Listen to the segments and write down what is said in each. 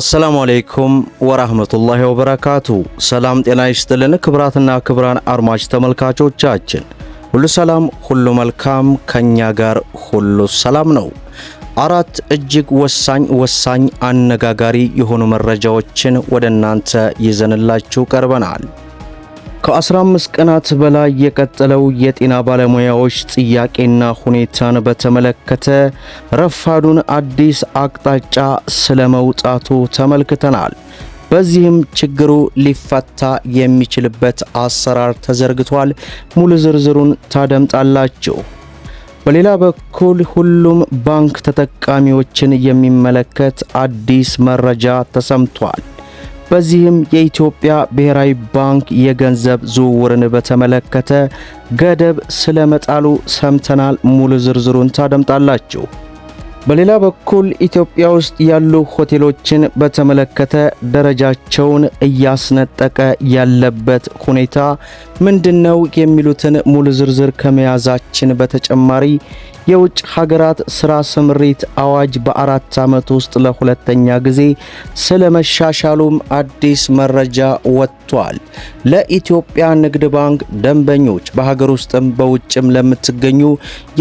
አሰላሙ አሌይኩም ወራህመቱላሂ ወበረካቱ። ሰላም ጤና ይስጥልን ክብራትና ክብራን አድማጭ ተመልካቾቻችን ሁሉ ሰላም፣ ሁሉ መልካም፣ ከኛ ጋር ሁሉ ሰላም ነው። አራት እጅግ ወሳኝ ወሳኝ አነጋጋሪ የሆኑ መረጃዎችን ወደ እናንተ ይዘንላችሁ ቀርበናል። ከ15 ቀናት በላይ የቀጠለው የጤና ባለሙያዎች ጥያቄና ሁኔታን በተመለከተ ረፋዱን አዲስ አቅጣጫ ስለመውጣቱ ተመልክተናል። በዚህም ችግሩ ሊፈታ የሚችልበት አሰራር ተዘርግቷል። ሙሉ ዝርዝሩን ታደምጣላችሁ። በሌላ በኩል ሁሉም ባንክ ተጠቃሚዎችን የሚመለከት አዲስ መረጃ ተሰምቷል። በዚህም የኢትዮጵያ ብሔራዊ ባንክ የገንዘብ ዝውውርን በተመለከተ ገደብ ስለመጣሉ ሰምተናል። ሙሉ ዝርዝሩን ታደምጣላችሁ። በሌላ በኩል ኢትዮጵያ ውስጥ ያሉ ሆቴሎችን በተመለከተ ደረጃቸውን እያስነጠቀ ያለበት ሁኔታ ምንድነው? የሚሉትን ሙሉ ዝርዝር ከመያዛችን በተጨማሪ የውጭ ሀገራት ስራ ስምሪት አዋጅ በአራት ዓመት ውስጥ ለሁለተኛ ጊዜ ስለመሻሻሉም አዲስ መረጃ ወጥቷል። ለኢትዮጵያ ንግድ ባንክ ደንበኞች በሀገር ውስጥም በውጭም ለምትገኙ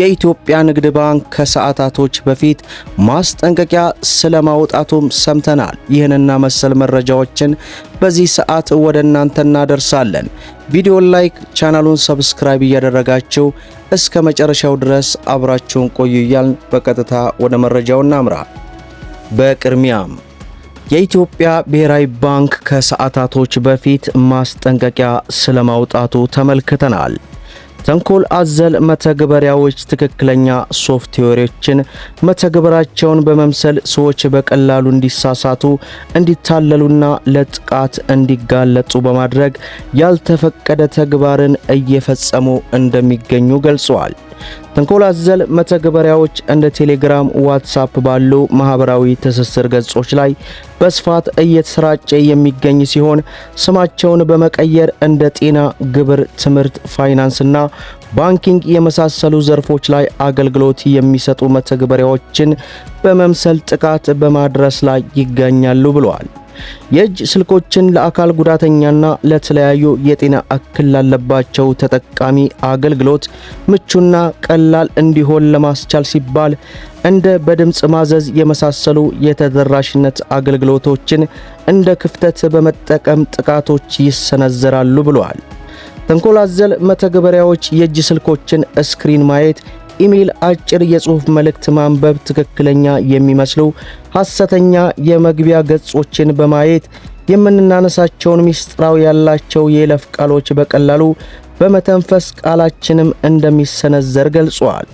የኢትዮጵያ ንግድ ባንክ ከሰዓታቶች በፊት በፊት ማስጠንቀቂያ ስለማውጣቱም ሰምተናል። ይህንና መሰል መረጃዎችን በዚህ ሰዓት ወደ እናንተ እናደርሳለን። ቪዲዮን ላይክ፣ ቻናሉን ሰብስክራይብ እያደረጋችሁ እስከ መጨረሻው ድረስ አብራችሁን ቆዩ እያልን በቀጥታ ወደ መረጃው እናምራ። በቅድሚያም የኢትዮጵያ ብሔራዊ ባንክ ከሰዓታቶች በፊት ማስጠንቀቂያ ስለማውጣቱ ተመልክተናል። ተንኮል አዘል መተግበሪያዎች ትክክለኛ ሶፍትዌሮችን መተግበራቸውን በመምሰል ሰዎች በቀላሉ እንዲሳሳቱ፣ እንዲታለሉና ለጥቃት እንዲጋለጡ በማድረግ ያልተፈቀደ ተግባርን እየፈጸሙ እንደሚገኙ ገልጸዋል። ተንኮል አዘል መተግበሪያዎች እንደ ቴሌግራም፣ ዋትሳፕ ባሉ ማህበራዊ ትስስር ገጾች ላይ በስፋት እየተሰራጨ የሚገኝ ሲሆን ስማቸውን በመቀየር እንደ ጤና፣ ግብር፣ ትምህርት፣ ፋይናንስና ባንኪንግ የመሳሰሉ ዘርፎች ላይ አገልግሎት የሚሰጡ መተግበሪያዎችን በመምሰል ጥቃት በማድረስ ላይ ይገኛሉ ብለዋል። የእጅ ስልኮችን ለአካል ጉዳተኛና ለተለያዩ የጤና እክል ላለባቸው ተጠቃሚ አገልግሎት ምቹና ቀላል እንዲሆን ለማስቻል ሲባል እንደ በድምፅ ማዘዝ የመሳሰሉ የተደራሽነት አገልግሎቶችን እንደ ክፍተት በመጠቀም ጥቃቶች ይሰነዘራሉ ብለዋል። ተንኮላዘል መተግበሪያዎች የእጅ ስልኮችን ስክሪን ማየት ኢሜል አጭር የጽሑፍ መልእክት ማንበብ ትክክለኛ የሚመስሉ ሐሰተኛ የመግቢያ ገጾችን በማየት የምናነሳቸውን ሚስጥራው ያላቸው የይለፍ ቃሎች በቀላሉ በመተንፈስ ቃላችንም እንደሚሰነዘር ገልጿል።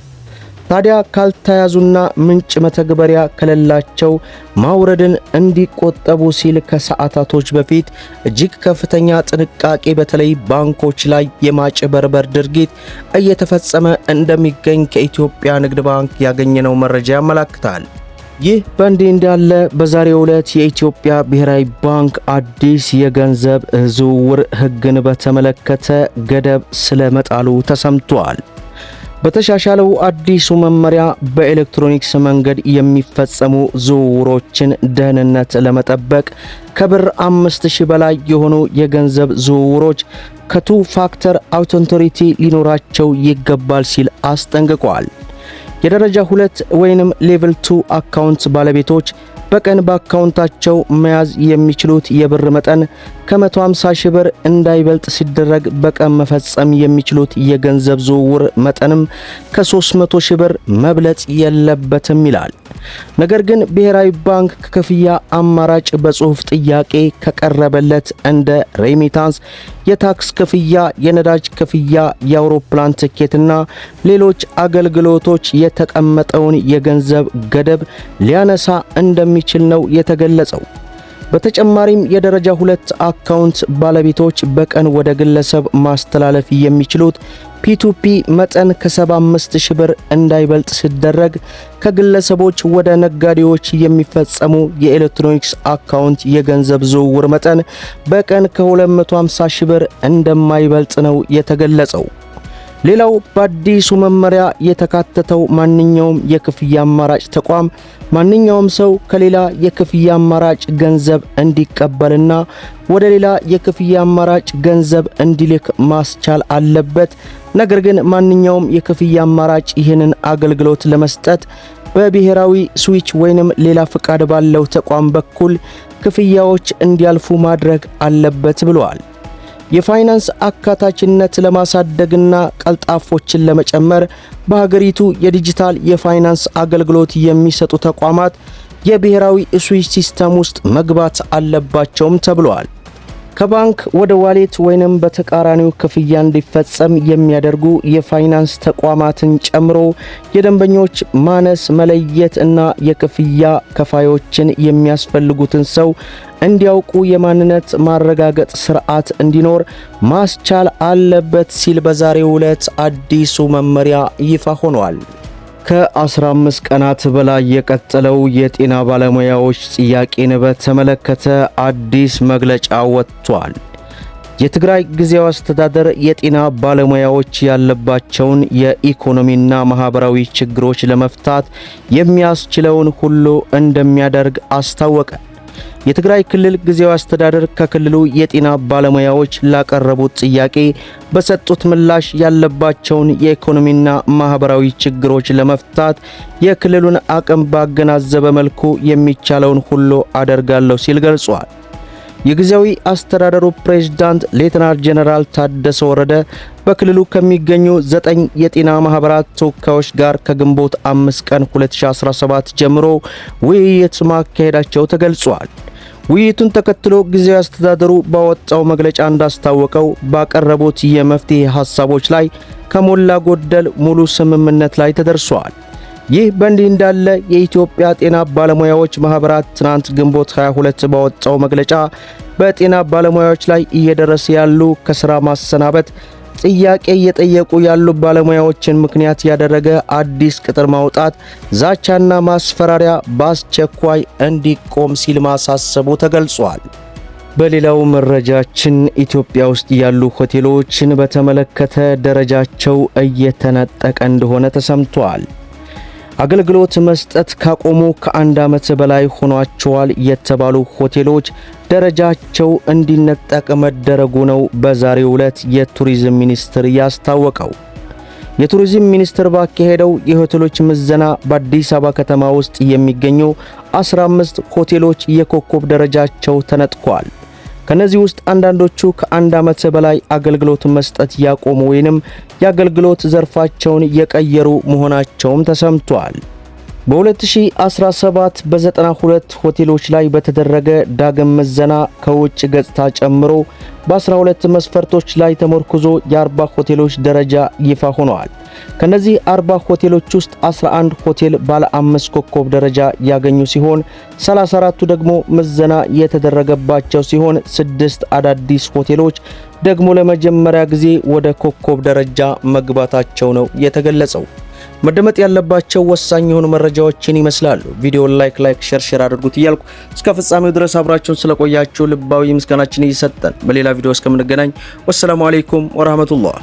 ታዲያ ካልተያዙና ምንጭ መተግበሪያ ከሌላቸው ማውረድን እንዲቆጠቡ ሲል ከሰዓታቶች በፊት እጅግ ከፍተኛ ጥንቃቄ በተለይ ባንኮች ላይ የማጭበርበር ድርጊት እየተፈጸመ እንደሚገኝ ከኢትዮጵያ ንግድ ባንክ ያገኘነው መረጃ ያመላክታል። ይህ በእንዲህ እንዳለ በዛሬው ዕለት የኢትዮጵያ ብሔራዊ ባንክ አዲስ የገንዘብ ዝውውር ሕግን በተመለከተ ገደብ ስለመጣሉ ተሰምቷል። በተሻሻለው አዲሱ መመሪያ በኤሌክትሮኒክስ መንገድ የሚፈጸሙ ዝውውሮችን ደህንነት ለመጠበቅ ከብር 5000 በላይ የሆኑ የገንዘብ ዝውውሮች ከቱ ፋክተር አውቶንቶሪቲ ሊኖራቸው ይገባል ሲል አስጠንቅቋል። የደረጃ 2 ወይንም ሌቭል ቱ አካውንት ባለቤቶች በቀን በአካውንታቸው መያዝ የሚችሉት የብር መጠን ከ150 ሺህ ብር እንዳይበልጥ ሲደረግ በቀን መፈጸም የሚችሉት የገንዘብ ዝውውር መጠንም ከ300 ሺህ ብር መብለጥ የለበትም ይላል። ነገር ግን ብሔራዊ ባንክ ከክፍያ አማራጭ በጽሑፍ ጥያቄ ከቀረበለት እንደ ሬሚታንስ፣ የታክስ ክፍያ፣ የነዳጅ ክፍያ፣ የአውሮፕላን ትኬትና ሌሎች አገልግሎቶች የተቀመጠውን የገንዘብ ገደብ ሊያነሳ እንደሚ እንደሚችል ነው የተገለጸው። በተጨማሪም የደረጃ ሁለት አካውንት ባለቤቶች በቀን ወደ ግለሰብ ማስተላለፍ የሚችሉት ፒቱፒ መጠን ከ75 ሺህ ብር እንዳይበልጥ ሲደረግ ከግለሰቦች ወደ ነጋዴዎች የሚፈጸሙ የኤሌክትሮኒክስ አካውንት የገንዘብ ዝውውር መጠን በቀን ከ250 ሺህ ብር እንደማይበልጥ ነው የተገለጸው። ሌላው በአዲሱ መመሪያ የተካተተው ማንኛውም የክፍያ አማራጭ ተቋም ማንኛውም ሰው ከሌላ የክፍያ አማራጭ ገንዘብ እንዲቀበልና ወደ ሌላ የክፍያ አማራጭ ገንዘብ እንዲልክ ማስቻል አለበት። ነገር ግን ማንኛውም የክፍያ አማራጭ ይህንን አገልግሎት ለመስጠት በብሔራዊ ስዊች ወይንም ሌላ ፍቃድ ባለው ተቋም በኩል ክፍያዎች እንዲያልፉ ማድረግ አለበት ብለዋል። የፋይናንስ አካታችነት ለማሳደግና ቀልጣፎችን ለመጨመር በሀገሪቱ የዲጂታል የፋይናንስ አገልግሎት የሚሰጡ ተቋማት የብሔራዊ እሱይ ሲስተም ውስጥ መግባት አለባቸውም ተብለዋል። ከባንክ ወደ ዋሌት ወይንም በተቃራኒው ክፍያ እንዲፈጸም የሚያደርጉ የፋይናንስ ተቋማትን ጨምሮ የደንበኞች ማነስ መለየት እና የክፍያ ከፋዮችን የሚያስፈልጉትን ሰው እንዲያውቁ የማንነት ማረጋገጥ ስርዓት እንዲኖር ማስቻል አለበት ሲል በዛሬው ዕለት አዲሱ መመሪያ ይፋ ሆኗል። ከ15 ቀናት በላይ የቀጠለው የጤና ባለሙያዎች ጥያቄን በተመለከተ አዲስ መግለጫ ወጥቷል። የትግራይ ጊዜያዊ አስተዳደር የጤና ባለሙያዎች ያለባቸውን የኢኮኖሚና ማህበራዊ ችግሮች ለመፍታት የሚያስችለውን ሁሉ እንደሚያደርግ አስታወቀ። የትግራይ ክልል ጊዜያዊ አስተዳደር ከክልሉ የጤና ባለሙያዎች ላቀረቡት ጥያቄ በሰጡት ምላሽ ያለባቸውን የኢኮኖሚና ማህበራዊ ችግሮች ለመፍታት የክልሉን አቅም ባገናዘበ መልኩ የሚቻለውን ሁሉ አደርጋለሁ ሲል ገልጿል። የጊዜያዊ አስተዳደሩ ፕሬዝዳንት ሌትናር ጄኔራል ታደሰ ወረደ በክልሉ ከሚገኙ ዘጠኝ የጤና ማህበራት ተወካዮች ጋር ከግንቦት 5 ቀን 2017 ጀምሮ ውይይት ማካሄዳቸው ተገልጿል። ውይይቱን ተከትሎ ጊዜያዊ አስተዳደሩ ባወጣው መግለጫ እንዳስታወቀው ባቀረቡት የመፍትሄ ሀሳቦች ላይ ከሞላ ጎደል ሙሉ ስምምነት ላይ ተደርሷል። ይህ በእንዲህ እንዳለ የኢትዮጵያ ጤና ባለሙያዎች ማህበራት ትናንት ግንቦት 22 ባወጣው መግለጫ በጤና ባለሙያዎች ላይ እየደረሰ ያሉ ከስራ ማሰናበት ጥያቄ እየጠየቁ ያሉ ባለሙያዎችን ምክንያት ያደረገ አዲስ ቅጥር ማውጣት፣ ዛቻና ማስፈራሪያ በአስቸኳይ እንዲቆም ሲል ማሳሰቡ ተገልጿል። በሌላው መረጃችን ኢትዮጵያ ውስጥ ያሉ ሆቴሎችን በተመለከተ ደረጃቸው እየተነጠቀ እንደሆነ ተሰምቷል። አገልግሎት መስጠት ካቆሙ ከአንድ ዓመት በላይ ሆኗቸዋል የተባሉ ሆቴሎች ደረጃቸው እንዲነጠቅ መደረጉ ነው በዛሬው ዕለት የቱሪዝም ሚኒስቴር ያስታወቀው። የቱሪዝም ሚኒስቴር ባካሄደው የሆቴሎች ምዘና በአዲስ አበባ ከተማ ውስጥ የሚገኙ 15 ሆቴሎች የኮከብ ደረጃቸው ተነጥቋል። ከነዚህ ውስጥ አንዳንዶቹ ከአንድ ዓመት በላይ አገልግሎት መስጠት ያቆሙ ወይንም የአገልግሎት ዘርፋቸውን የቀየሩ መሆናቸውም ተሰምቷል። በ2017 በ92 ሆቴሎች ላይ በተደረገ ዳግም ምዘና ከውጭ ገጽታ ጨምሮ በ12 መስፈርቶች ላይ ተመርኩዞ የ40 ሆቴሎች ደረጃ ይፋ ሆነዋል። ከነዚህ 40 ሆቴሎች ውስጥ 11 ሆቴል ባለ አምስት ኮከብ ደረጃ ያገኙ ሲሆን 34ቱ ደግሞ ምዘና የተደረገባቸው ሲሆን ስድስት አዳዲስ ሆቴሎች ደግሞ ለመጀመሪያ ጊዜ ወደ ኮከብ ደረጃ መግባታቸው ነው የተገለጸው። መደመጥ ያለባቸው ወሳኝ የሆኑ መረጃዎችን ይመስላሉ። ቪዲዮን ላይክ ላይክ ሸር አድርጉት እያልኩ እስከ ፍጻሜው ድረስ አብራችሁን ስለቆያችሁ ልባዊ ምስጋናችን እየሰጠን በሌላ ቪዲዮ እስከምንገናኝ ወሰላሙ አሌይኩም ወረህመቱላህ